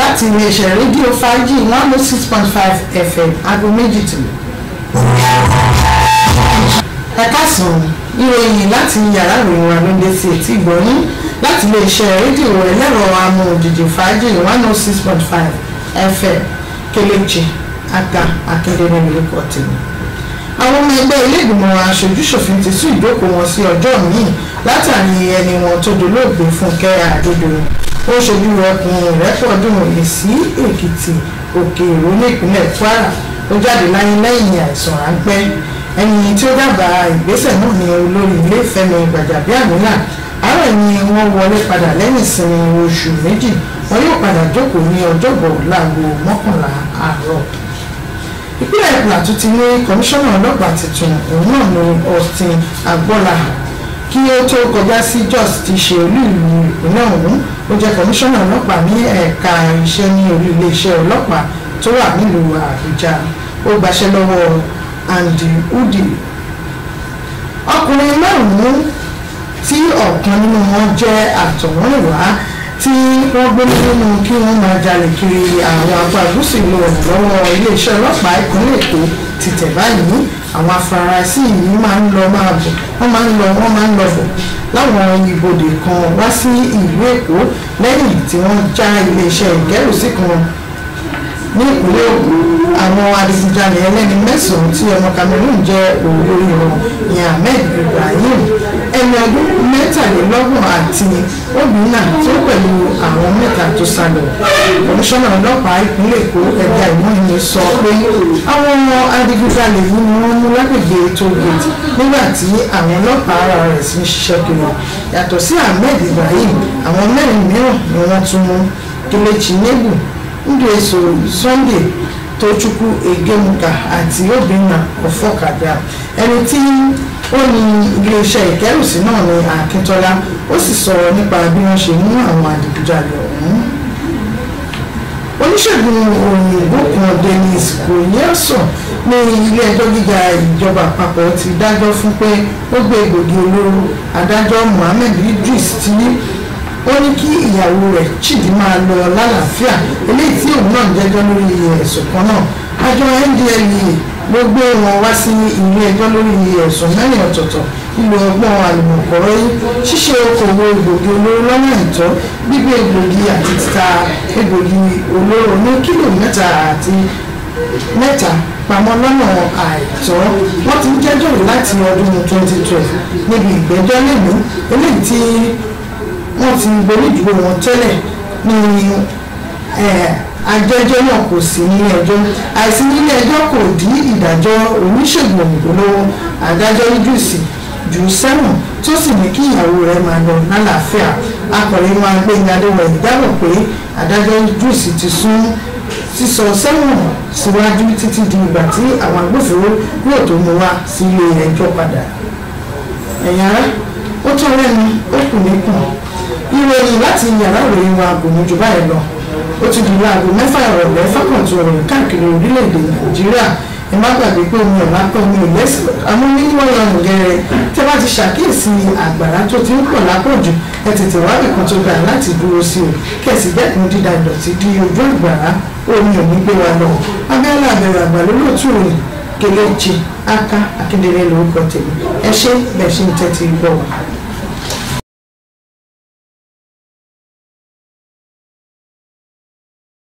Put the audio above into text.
láti iléeṣẹ́ rédíò 5G 106.5 six point five fm aago méjì tó. ẹ káàsán ìròyìn láti yàrá ìròyìn wa ló dé sí etí ìgbọ́yìn láti iléeṣẹ́ rédíò ẹlẹ́rọ amóhùndíje fàájì one oh six point five fm kelechi aka akindele lórúkọ tèmi àwọn ọmọ ẹgbẹ́ iléègbìmọ̀ aṣojúṣòfin ti sún ìjókòó wọn sí ọjọ́ míì látàrí ẹni wọn tó dolóògbé fúnkẹ́ àdédọ̀rùn ó ṣojú ọkùnrin ìrẹ́pọ̀dùn eh, òní sí èkìtì òkè èrò nípínlẹ̀ kwara ó jáde láyé lẹ́yìn àìsàn ráńpẹ́ ẹni tí ó dábàá ìgbésẹ̀ náà ni olórí ilé Fẹ́mi Gbàjàbíàmílà àárọ̀ ni wọ́n wọlé padà lẹ́yìn ìsinmi oṣù méjì wọn yóò padà jókòó ní ọjọ́bọ̀ láago mọ́kànlá àárọ̀ ìpínlẹ̀ Plateau ti ní kọmíṣánná ọlọ́pàá tuntun òun náà ni Austin Agbọ́lá kí ó tó kọjá sí Jos ti ṣe olú ìlú ìpínlẹ̀ ọ̀hún ó jẹ́ kọmíṣánná ọlọ́pàá ní ẹ̀ka iṣẹ́ ní olú iléeṣẹ́ ọlọ́pàá tó wà nílùú àbújá ó gbaṣẹ́ lọ́wọ́ andy udi ọkùnrin márùn-ún tí ọ̀kan nínú wọn jẹ́ àtọ̀húnrìnwá tí wọ́n gbé nínú kí wọ́n máa jalè kiri àwọn apá gúúsù ìlú ọ̀nà lọ́wọ́ iléeṣẹ́ ọlọ́pàá ìpínlẹ̀ èkó ti tẹ̀ báyìí àwọn afurasí yìí máa ń lọ máa bọ̀ wọ́n máa ń lọ wọ́n máa ń lọ bọ̀ láwọn ibodè kan wá sí ìlú èkó lẹ́yìn tí wọ́n já iléeṣẹ́ ìgẹ́rùsí kan ní ìpínlẹ̀ Ògùn àwọn adigunjalè ẹlẹ́ni mẹ́sàn-án tí ọmọ Cameroon jẹ́ olórí wọn ní Ahmed Ibrahim ẹni ọdún mẹ́tàlélọ́gbọ̀n àti obìnrin náà tó pẹ̀lú àwọn mẹ́ta tó sá lọ ọlọ́pàá ìpínlẹ̀ èkó sọ pé àwọn adigunjalè yìí ni wọ́n mú lágbègbè nígbà tí àwọn ọlọ́pàá ara rẹ̀ ahmed ibrahim àwọn mẹ́rin mìíràn ni wọ́n tún kelechi nebu ndụ eso sunday tochukwu egemuka àti obìnrin ọ̀fọ̀kadà ẹni tí ó ní iléeṣẹ́ ìkẹ́rùsí náà ní Akíntọ́lá ó sì sọ̀rọ̀ nípa bí wọ́n ṣe mú àwọn adigunjalè ọ̀hún oníṣègùn òyìnbó kan Dennis kòyẹ́sàn ní ilé-ẹjọ́ gíga ìjọba àpapọ̀ ti dájọ́ fún pé ó gbé egbògi olóró adájọ́ Mohammed Idris tí ó ní kí ìyàwó rẹ̀ Chidi máa lọ lálàáfíà eléyìí tí òun náà jẹ́jọ́ lórí ẹ̀sùn kan náà àjọ NDLEA ló gbé wọn wá sí ilé ẹjọ́ lórí ẹ̀sùn mẹ́rin ọ̀tọ̀ọ̀tọ̀ lílo ọgbọ́n àlùmọ̀kọ́rọ́ yìí ṣíṣe okòwò egbògi olóró lọ́nà àìtọ́ gbígbé egbògi àti títa egbògi olóró ní kílò mẹ́ta àti mẹ́ta pamọ́ lọ́nà àìtọ́ wọ́n ti ń jẹ́jọ́ láti ọdún 2012 níbi ìgbẹ́jọ́ lẹ́nu eléyìí tí wọ́n ti gborí ìdúró wọn tẹ́lẹ̀ ní àjẹjọ́ eh, náà kò sí nílé ẹjọ́ àìsí nílé ẹjọ́ kò dí ìdájọ́ oníṣègùn òyìnbó lọ́wọ́ adájọ́ Idris jù sẹ́wọ̀n tó sì ní kí ìyàwó rẹ̀ máa lọ lálàáfíà akọ̀rin máa gbé ní adéwọ̀n ìdábọ̀ pé adájọ́ Idris ti sún sísọ sẹ́wọ̀n síwájú títí di ìgbà tí àwọn agbófinró yóò tó mú wá sílé ẹjọ́ padà ẹ̀yìn ará ó tún rẹ́ni ó kù níkùn ìròyìn láti yàrá ìròyìn wa kò báyìí lọ ó ti di láago mẹ́fà ìrọ̀lẹ́ fákàntún ọ̀rọ̀ káàkiri orílẹ̀-èdè nàìjíríà ẹ má gbàgbé pé omi ọ̀la pọ̀ omi ò lẹ́sìn amúníwọ̀n ọ̀rùn gẹ̀rẹ̀ tẹ́ bá ti ṣàkíyèsí àgbàrá tó ti ń pọ̀ lápọ̀jù ẹ tètè wá nìkan tó gbà láti dúró sí o kẹ̀sì dẹ́kun dídà ìdọ̀tí di ojú àgbàrá omi ò ní gbé wa lọ abẹ́rẹ́ àbẹ̀rẹ̀ àgbà lólótù rẹ̀ Kelechi Aka Akindele lórúkọ tèmi ẹ ṣé bẹ́ẹ̀ ṣe ń tẹ́tí gbọ́ wa.